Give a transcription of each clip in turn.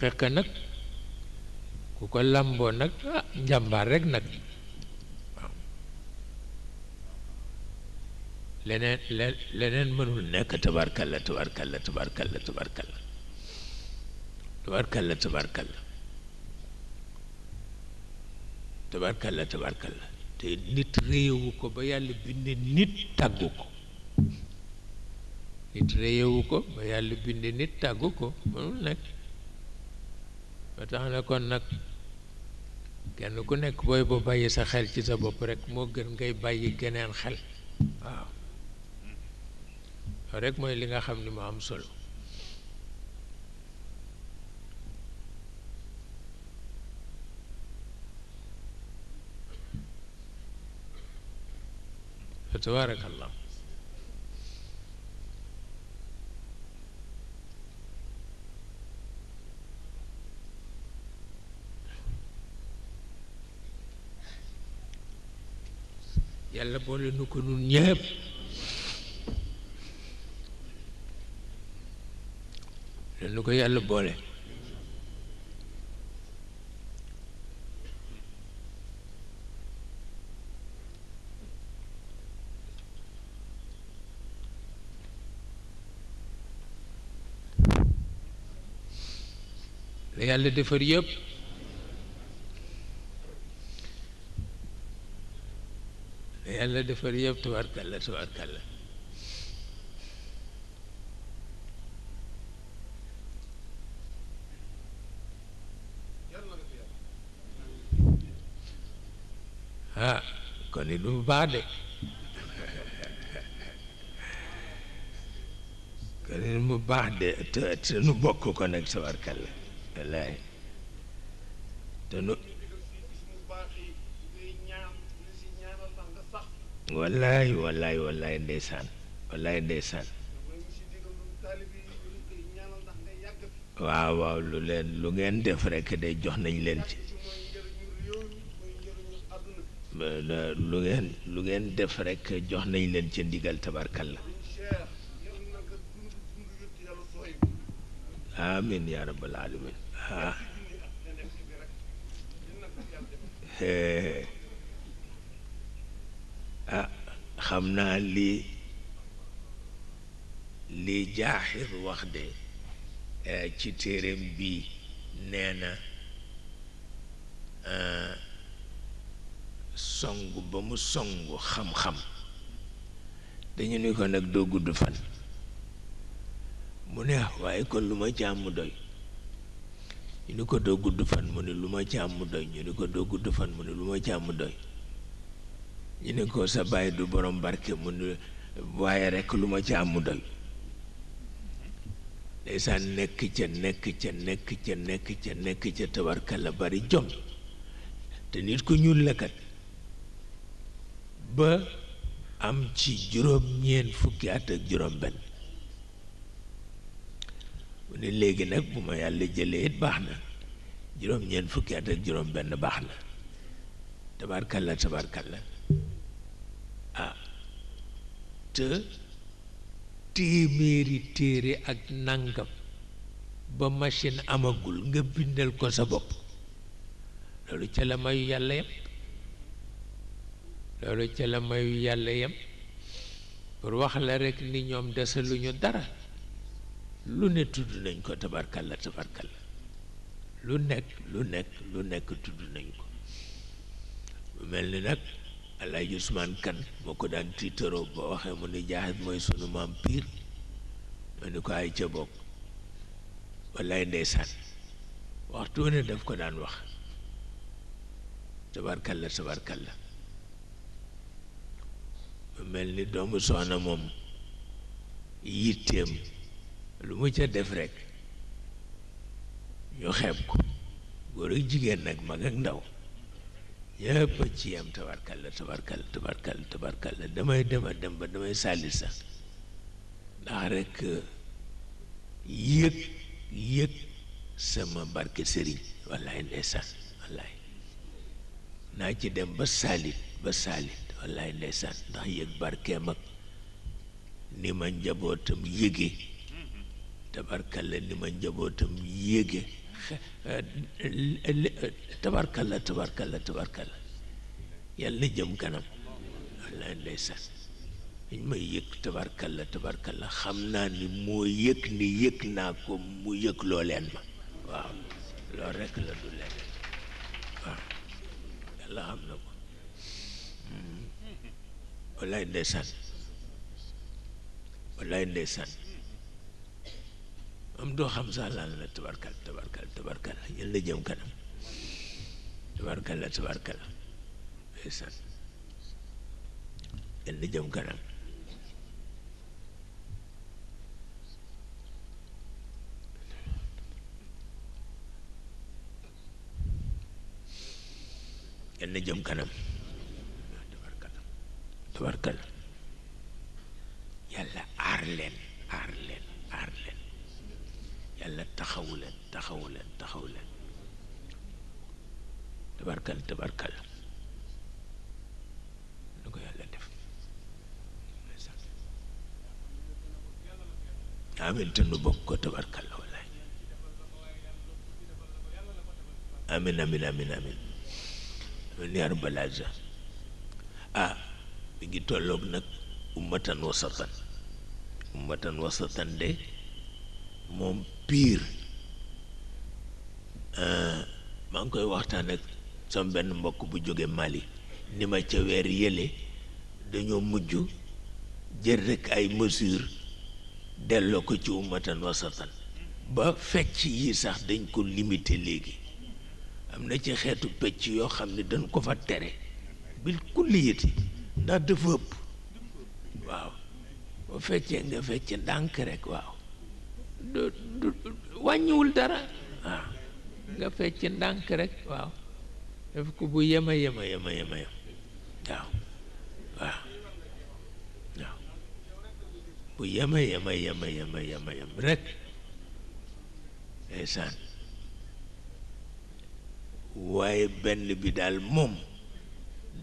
xaqiqa nag ku ko làmboo nag ah njàmbaar rek nag waaw leneen leneen mënul nekk tabarkalla tabarkalla tabarkalla tabarkalla tabarkalla tabarkalla tabarkalla tabarkalla te nit réyewu ko ba yàlla bind nit tàggu ko nit réyewu ko ba yàlla bind nit tàggu ko mënul nekk ba tax na kon nag kenn ku nekk booy ba bàyyi sa xel ci sa bopp rek moo gën ngay bàyyi geneen xel waaw loolu mooy li nga xam ni mu am solo tabarakallah yàlla boole nu ko nun ñëpp lanu ko yàlla boole la yàlla defar yépp la defar yëpp tubarkalla tubarkalla ah kon it bu baax de kon it mu baax de te nu bokk ko nag tubarkalla wallaay te nu wallaay wallaay wallaay ndeysaan wallaay ndeysaan waaw waaw lu leen lu ngeen def rekk day jox nañ leen ci lu ngeen lu ngeen def rekk jox nañ leen ci ndigal la amin yaa rabbal alamin ah ah xam naa lii lii jaaxir wax de eh, ci téereem bii nee na eh, song ba mu song xam-xam dañu ni ko nag doo gudd fan mu ne waaye kon lu ma ci am mu doy ñu ni ko doo gudd fan mu ne lu ma ci am mu doy ñu ni ko doo gudd fan mu ne lu ma ci am doy ñu ne ko sa baay du boroom barke mu ne waaye rekk lu ma ca mu dal ndeysaan nekk ca nekk ca nekk ca nekk ca nekk ca tabarka la bari jom te nit ku ñuul la ba am ci juróom-ñeent fukki at ak juróom-benn mu ne léegi nag bu ma yàlla jëlee it baax na juróom-ñeent fukki at ak juróom-benn baax la tabarka la tabarka la téeméeri téere ak nangam ba machine amagul nga bindal ko sa bopp loolu ca la mayu yàlla yem loolu ca la mayu yàlla yem pour wax la rekk ni ñoom desaluñu dara lu ne tudd nañ ko tabarkalla tabarkalla lu nekk lu nekk lu nekk tudd nañ ko mel ni nag Alaaji Usmaan Kan moo ko daan tiitaroo ba waxee mu ni jaaxit mooy sunu maam piir ma ni ko ay ca bokk wallaay ndeysaan waxtu ne daf ko daan wax tabarkalla tabarkalla la mel ni doomu soxna moom yitteem lu mu ca def rekk ñu xeeb ko góor ak jigéen nag mag ak ndaw yëpp a ci yam tabarkal la tabarkal la damay dema dem ba damay sàlli sax ndax rekk yëg yëg sama barke sëriñ wallaay ndeysaan wallaay naa ci dem ba saalit ba saalit wallaay ndeysaan ndax yëg barkee mag ni ma njabootam yëge mm-hmm. tabarkal la ni ma njabootam yëge tabarkal la tabarkalla la yàlla jëm kanam wallaay ndeysaan dañ may yëg tabarkalla tabarkalla xam naa ni moo yëg ni yëg naa ko mu yëg loo leen ma waaw loolu rekk la du leen waaw yàlla xam na ko hmm. wallaay ndeysaan wallaay ndeysaan am doo xam sax lan la tabarkal tabarkal tabarkal yéen la jëm kanam tabarkal la tabarkal ndeysaan jëm kanam yéen la jëm kanam tabarkal tabarkal yàlla aar leen aar leen يلا تخول تخول تخول تبركل تبركل نقول يلا دف أمين تنو بوكو تبركل والله أمين أمين أمين أمين أمين يا رب العزة آه بيجي تولوك نك أمتا وسطا أمتا وسطا دي موم piir euh, maa ngi koy waxtaan ak sama benn mbokk bu jóge Mali ni ma ca weer yële dañoo mujj jël rekk ay mesures delloo ko ci ummatan wasatan ba fecc yi sax dañ ko limité léegi am na ci xeetu pecc yoo xam ne dañ ko fa tere bil kulliyati ndax dafa ëpp waaw ba feccee nga fecc ndànk rekk waaw du wàññiwul dara waaw nga fecc ndànk rek waaw def ko bu yema yema yema yema waaw yema yema yema yema yema yem rek ndeysaan waaye benn bi daal moom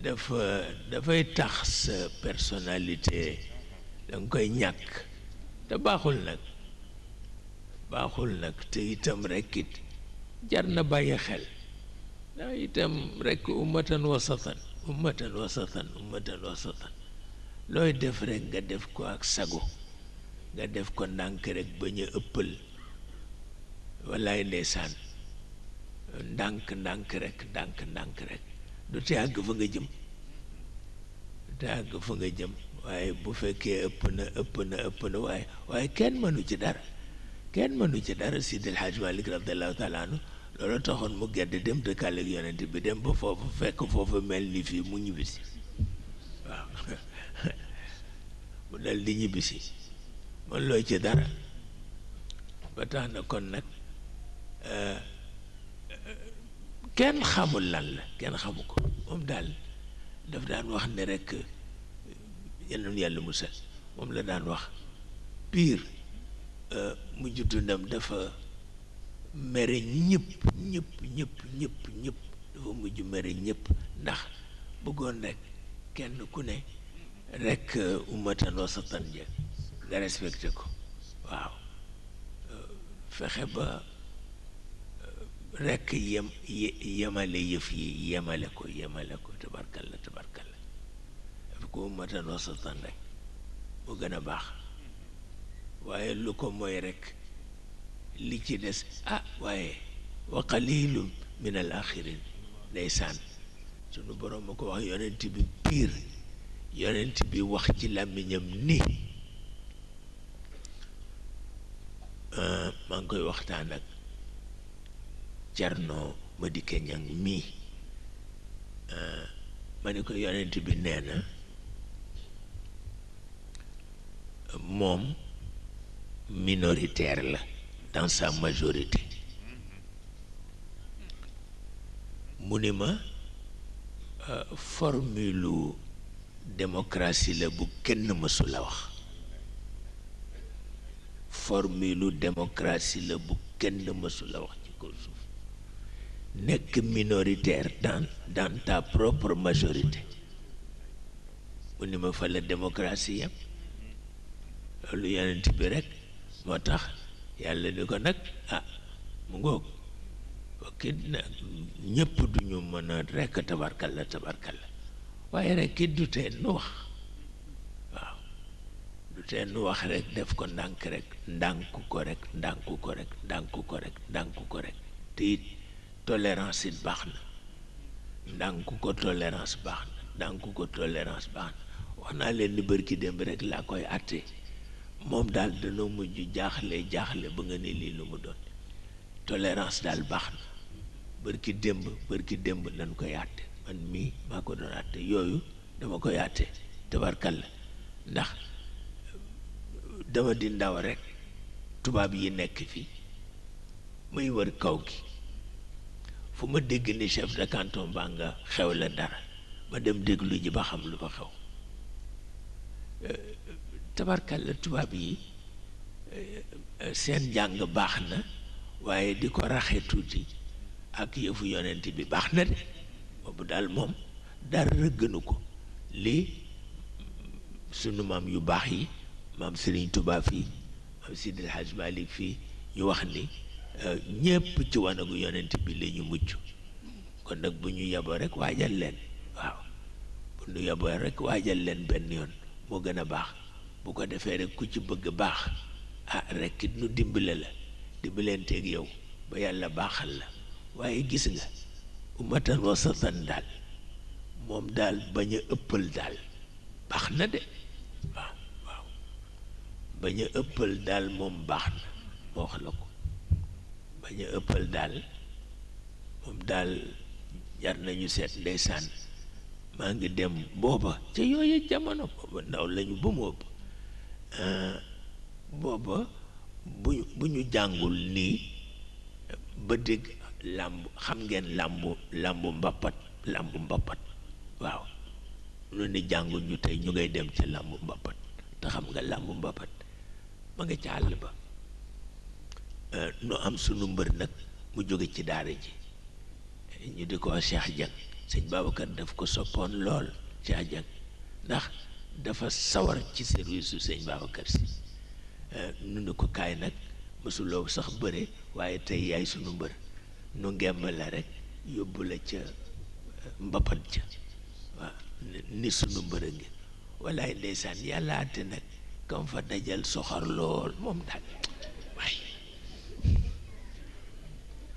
dafa dafay tax sa personnalité danga koy ñàkk te baaxul nag baaxul nag te itam rek it jar na bàyyi xel ndax itam rek ummatan wasatan ummatan wasatan looy def rek nga def ko ak sago nga def ko ndànk rek bañ a ëppal walaay ndeysaan ndànk ndànk rek ndànk ndànk rek du te àgg fa nga jëm du te àgg fa nga jëm waaye bu fekkee ëpp na ëpp na ëpp na waaye waaye kenn mënu ci dara kenn mënu ci dara Sidil Hadj Malick radiyallahu taala anhu loolu taxoon mu gedd dem dëkkaale ak yonent bi dem ba foofu fekk foofu mel ni fii mu ñibbisi waaw mu dal di ñibbisi mën loo ci dara ba tax na kon nag kenn xamul lan la kenn xamu ko moom daal daf daan wax ne rek yeneen yàlla musal moom la daan wax pire Euh, mujj dundam dafa mere ñëpp ñëpp ñëpp ñëpp ñëpp dafa mujj mere ñëpp ndax bëggoon rek kenn ku ne rek euh, ummatan wasatan ja nga respecté ko waaw euh, fexe ba rekk yem yemale yëf yi yemale ko yemale ko tabarkalla tabarkalla daf ko ummatan wasatan rek mu gën a baax waaye lu ko moy rekk li ci des ah waaye wa qalilum min day axirin ndeysaan sunu boroom ma ko wax yonent bi piir yonent bi wax ci làmmiñam ni ah, maa ngi koy waxtaan ak ma Madike Ñaŋ mii ah, ma ni ko yonent bi nee moom minoritaire la dans majorité mu ni ma euh, formulu démocratie la bu kenn mësula wax formulu démocratie la bu kenn mësula wax ci kaw suuf nekk minoritaire dans dans ta propre majorité mu ni ma fa la démocratie yam loolu yonent bi rekk moo tax yàlla ni ko nag a ah, mu ngoog kit nag ñëpp du ñu mën a rekk tabarkal la tabarkal la waaye rek kit du teen nu wax waaw du teen nu wax rekk def ko ndànk rek ndànk ko rek ndànk ko rek ndànk ko rek ndànk ko rek te it tolérance it baax na ndànk ko tolérance baax na ndànk ko tolérance baax na wax naa leen ni bërki démb rek laa koy àttee moom daal danoo mujj jaaxle jaaxle ba nga ni lii lu mu doon tolérance daal baax na bërki démb bërki démb lañ ko yàtte man mii maa ko doon àtte yooyu dama koy yàtte tabarkal la ndax dama di ndaw rek tubaab yi nekk fi may wër kaw gi fu ma dégg ni chef de canton baa nga xew la dara ma dem déglu ji ba xam lu fa xew euh, tabarkalla tubaab yi eh, eh, seen jàng baax na waaye di ko raxe tuuti ak yëfu yonent bi baax na de boobu daal moom dara gënu ko li sunu maam yu baax yi maam Serigne tubaab fii maam Sidil Hadj Malick fii ñu wax ni eh, ñépp ci wanagu yonent bi la ñu mucc kon nag bu ñu yaboo rek waajal leen waaw bu ñu yaboo rek waajal leen benn yoon moo gën a baax bu ko defee rek ku ci bëgg baax ah rek it nu dimbale la dimbalenteeg yow ba yàlla baaxal la waaye gis nga ummatan wasatan daal moom daal bañ a ëppal daal baax na de daal moom baax na ma ko bañ a daal moom daal jar nañu seet ndeysaan maa ngi dem booba ca yooyu jamono booba ndaw lañu ba mu ëpp booba bu ñu jàngul lii ba dégg làmb xam ngeen làmbu làmbu mbappat làmbu mbappat waaw lu ni jàngul ñu tey ñu ngay dem ci làmbu mbappat te xam nga làmbu mbappat ma nga ca àll ba euh, nu am sunu mbër nag mu jóge ci daara ji ñu di ko Cheikh Dieng sëñ Babacar daf ko soppoon lool Cheikh Dieng ndax dafa sawar ci service su sëñ Babacar Si euh, nu ne ko kaay nag mësuloo sax bëre waaye tey yaay sunu mbër nu ngemb la rek yóbbu la ca euh, mbapat ja waaw ni sunu mbër a ngi walaay ndeysaan yàlla àtte nag kam fa dajal soxor lool moom daal waay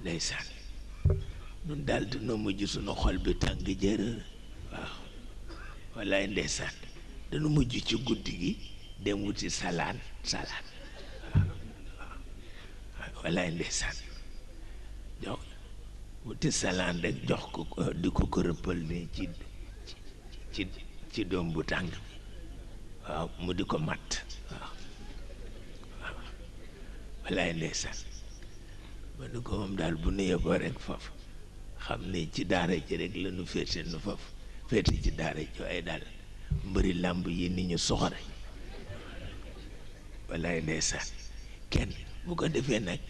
ndeysaan nun daal dina mujj sunu xol bi tàng jërër waaw walaay ndeysaan dañu mujj ci guddi gi dem wuti salaan salaan wallaay ndeysaan jox wuti salaan rek jox ko di ko ko rëppal nii ci ci doom bu tàng bi waaw mu di ko matt waaw waaw wallaay ndeysaan ba nu ko moom daal bu nu yeboo rek foofu xam ne ci daara ji rek la nu nu foofu féete ci daara ji waaye daal mbëri làmb yi ni ñu soxore wallaay ndeysaan kenn bu ko defee nag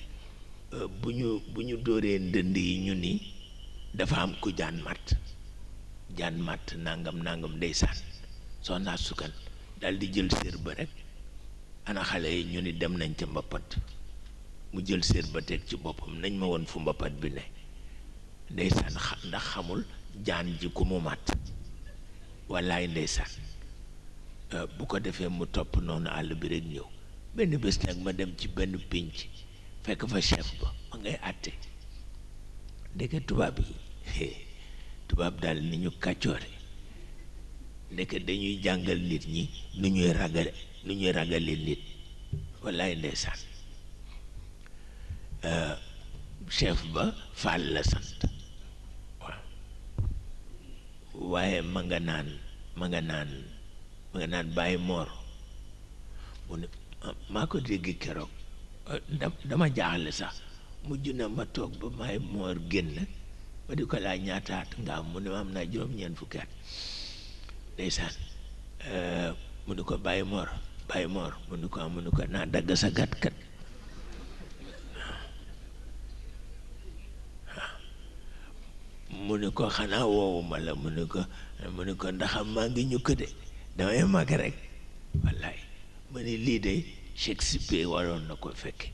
euh, bu ñu bu ñu dóoree ndënd yi ñu ni dafa am ku jaan màtt jaan màtt nangam nangam ndeysaan soxna sukkan daal di jël séer ba rek ana yi ñu ni dem nañ ca mbappat mu jël séer ba teg ci boppam nañ ma woon fu mbappat bi ne ndeysaan ndax xamul jaan ji ku mu màtt wallaay ndeysaan euh, bu ko defee mu topp noonu àll bi rek ñëw benn bés nag ma dem ci benn pinc fekk fa chef ba ma ngay àtte ndeke tubaab yi tubaab daal ni ñu kàccoore ndeke dañuy jàngal nit ñi nu ñuy ragale nu ñuy ragale nit wallaay ndeysaan euh, chef ba Fall la sant waaw waaye ma nga naan ma nga naan ma nga naan bàyyi moor mu ne ah, maa ko dégg keroog ah, dama jaaxle sax mujj na ma toog ba may moor génn ma di ko laaj ñaataat nga mu ne ma am naa juróom-ñeent fukki at ndeysaan eh, mu ne ko bàyyi moor bàyyi moor mu ne ko am ah, mu ne ko naa dagg sa gàtt kat mu ne ko xanaa woowuma la mu ne ko mu ne ko ndaxam maa ngi ñu këde damay mag rek wallaay ma ne lii de Shakespeare waroon na ko fekke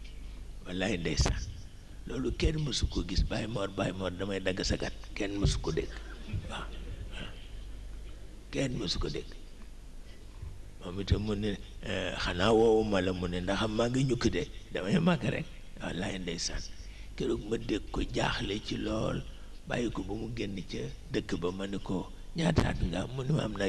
kenn mësu ko gis bàyyi moor bàyyi moor kenn mësu ko dégg waaw kenn mësu eh, xanaa woowuma la mu ne ndaxam maa ngi ñukki mag rek wallaay ma dégg ko jaaxle ci lool bayiku bu mu génn ca dëkk ba mën ko ñaataat nga mu nu am na